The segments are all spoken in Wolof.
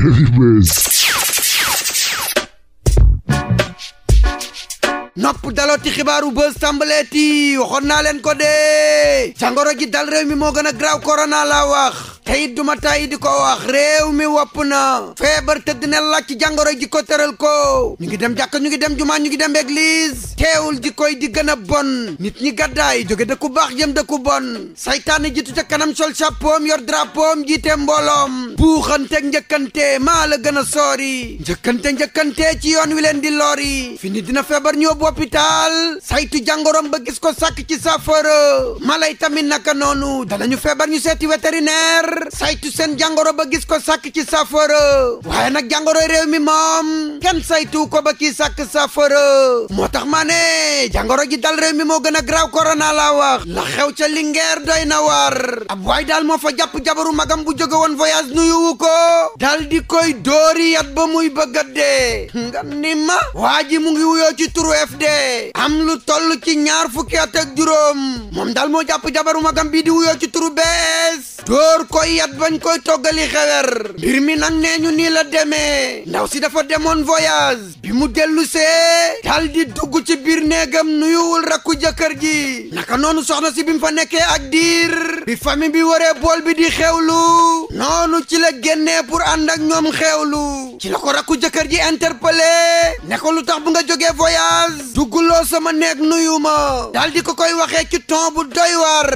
nopp daloo ti xibaaru bës tàmbalee ti naa leen ko dee jàngoro ji dal réew mi moo gën a graaw korona laa te it duma tàyyi di ko wax réew mi wopp na feebar tëdd ne laaj ci jàngoro ji ko tëral ko ñu ngi dem jàkk ñu ngi dem jumaa ñu ngi dem église teewul ji koy di gën a bon nit ñi gàddaay jóge dëkku baax jëm dëkku bon saytaane jitu ca kanam sol chapeau yor drapeau jiite mbooloom buuxanteeg njëkkante maa la gën a soori njëkkante njëkkante ci yoon wi leen di lori fini dina feebar ñu yóbbu hôpital saytu jàngoroom ba gis ko sàkk ci saafara mala yi tamit naka noonu danañu feebar ñu seeti vétérinaire saytu seen jàngoro ba gis ko sàkk ci saafara waaye nag jàngoro réew mi moom kenn saytu ko ba kii sàkk saafara moo tax maa ne jàngoro ji dal réew mi moo gën a graaw korona laa wax la xew ca Linguère doy na war ab waay daal moo fa jàpp jabaru magam bu jóge woon voyage nuyuwu ko dal di koy dóori yat ba muy bëgg a dee nga ni ma waa ji mu ngi wuyoo ci turu FD am lu toll ci ñaar fu at ak juróom moom daal moo jàpp jabaru magam bi di wuyoo ci bees dóor ko koy yat bañ koy toggali xewer mbir mi nag nee ñu nii la deme ndaw si dafa demoon voyage bi mu dellu see dal di dugg ci biir néegam nuyuwul rakku jëkkër ji naka noonu soxna si bi mu fa nekkee ak diir bi famille bi waree bool bi di xewlu noonu ci la génnee pour ànd ak ñoom xewlu ci la ko rakku jëkkër ji interpellé ne ko lu tax bu nga jógee voyage dugguloo sama neeg nuyu ma daal ko koy waxee ci ton bu doy war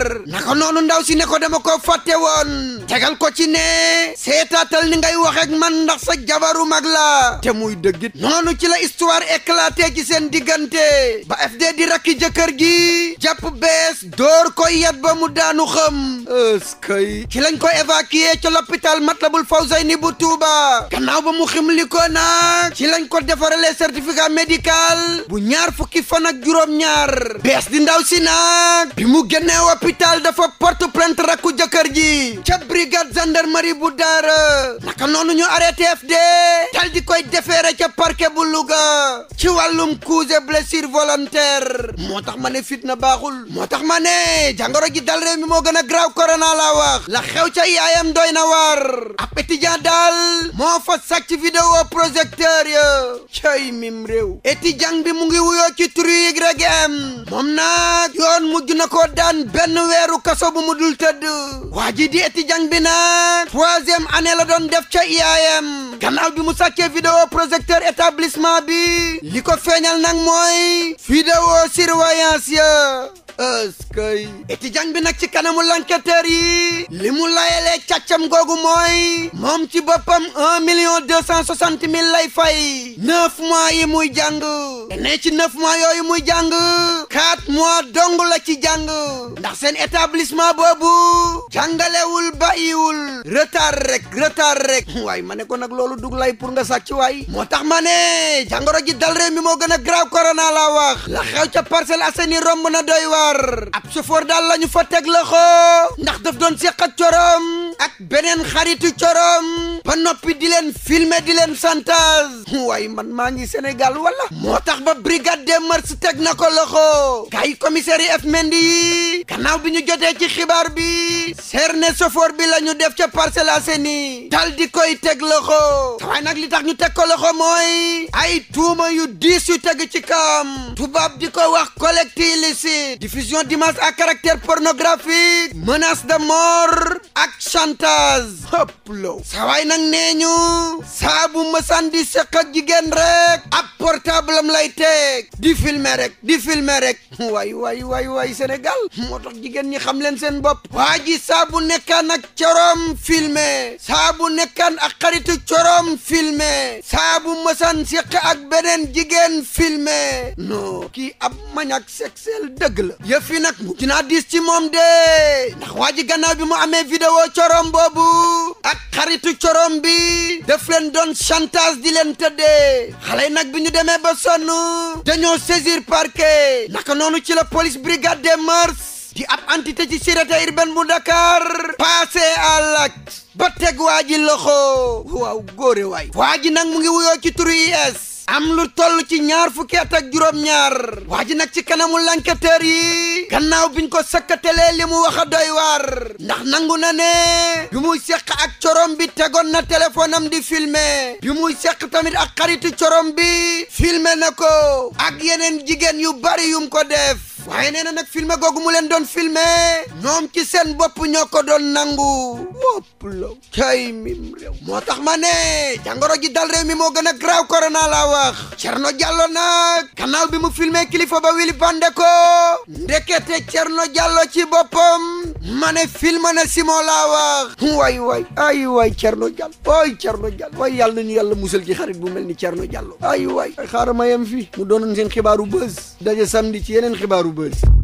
noonu ndaw si nekko dema dama ko fàtte woon tegal ko ci ne seetaatal ni ngay wax ak man ndax sa jabaru mag la te muy dëggit noonu ci la histoire éclaté ci seen diggante ba FD di rakki jëkkër gi jàpp bees dóor koy yat ba mu daanu xam eskay ci lañ ko évacué ca l'hôpital Matlaboul Fawzayni bu Touba gannaaw ba mu ximli ko nag ci lañ ko defaralee certificat médical bu ñaar fukki fan ak juróom-ñaar bees di ndaw si nag bi mu génnee hôpital dafa porte plainte rakku jëkkër ji ca brigade gendarmerie bu Daara naka noonu ñu arrêté de dal di koy defeere ca parquet bu Louga ci wàllum coups et blessures moo tax ma ne fitna baaxul moo tax ma ne jàngoro ji dal réew mi moo gën a graaw corona laa wax la xew ca yaayam doy na war ab étudiant daal moo fa sàcc vidéo projecteur ya cay mim réew étudiant bi mu ngi wuyoo ci turu YM moom nag yoon mujj na ko daan benn weeru kaso bu mu dul tëdd waa ji di étudiant bi nag troisième année la doon def ca IAM gannaaw bi mu sàccee vidéo projecteur établissement bi li ko feeñal nag mooy vidéo surveillance ya ëskëy étudiant bi nag ci kanamu l'enquêteur yi li mu googu mooy moom ci boppam un million cent soixante mille lay fay neuf mois yi muy jàng te ci neuf mois yooyu muy jàng quatre mois dong ci jàng ndax seen établissement boobu jàngalewul bàyyiwul retard rek retard rek waaye ma ne ko nag loolu dug lay pour nga sàcc waay moo tax ma ne jàngoro ji dal réew mi moo gën a grave corona laa wax la xew ca Parcelles Assainies romb na doy waar ab chauffeur daal la ñu fa teg loxo ndax daf doon séq ak corom ak beneen xaritu corom ba noppi di leen filmer di leen chantage waaye man maa ngi Sénégal walla moo tax ba brigade de mœurs teg na ko loxo gars yi yi F Mendy yi gannaaw bi ñu jotee ci xibaar bi serne sofoor bi la ñu def ca Parcelles Assainies dal di koy teg loxo waaye nag li tax ñu teg ko loxo mooy ay tuuma yu diis yu teg ci kam tubaab di ko wax collecte illicite diffusion d'images à caractère pornographique menace de mort ak chantage hop lo nag nee ñu saa bu mësan di sëq ak jigéen rek ab portable am lay teg di filmer rek di filmer rek waay waay waay waay moo tax jigéen ñi xam leen seen bopp waa ji saa bu nekkaan ak corom filmer saa nekkaan ak xaritu corom filmer saabu bu mësan sëq ak beneen jigéen filmer non kii ab maniaque sexuel dëgg la yëf yi nag mu moom de ndax waa gannaaw bi mu amee vidéo corom boobu ak xaritu corom bi daf leen doon chantage di leen tëddee xale nag bi ñu demee ba sonn dañoo saisir parquet naka noonu ci la police brigade des mœurs di ab entité ci sûreté urbaine bu Dakar passé à l'acte ba teg waa ji loxo waaw góore waay waa ji mu ngi wuyoo ci turu IS am lu toll ci ñaar fukki at ak juróom-ñaar waa ji nag ci kanamu lanketeer yi gannaaw biñ ko sëkkatelee li mu wax a doy ndax nangu na ne bi muy seq ak corom bi tegoon na téléphone am di filme bi muy seq tamit ak xaritu corom bi filmer na ko ak yeneen jigéen yu bari yum ko def waaye nee na nag filmer googu mu leen doon filmer ñoom ci seen bopp ñoo ko doon nangu wopp la kay mim réew moo tax ma ne jàngoro ji dal réew mi moo gën a graaw corona laa wax Cerno Jàllo nag canal bi mu filmer kilifa ba Willy Bandeko ndekete Cerno Jàllo ci bopp ma ne film na Simon laa wax waay waay ay waay Cerno Jàllo waay Cerno Jàllo waay yàlla nañu yàlla musal ci xarit bu mel ni Cerno Jàllo ay waay xaaral ma yem fii mu doonoon seen xibaaru buzz daje samedi ci yeneen xibaaru youtubers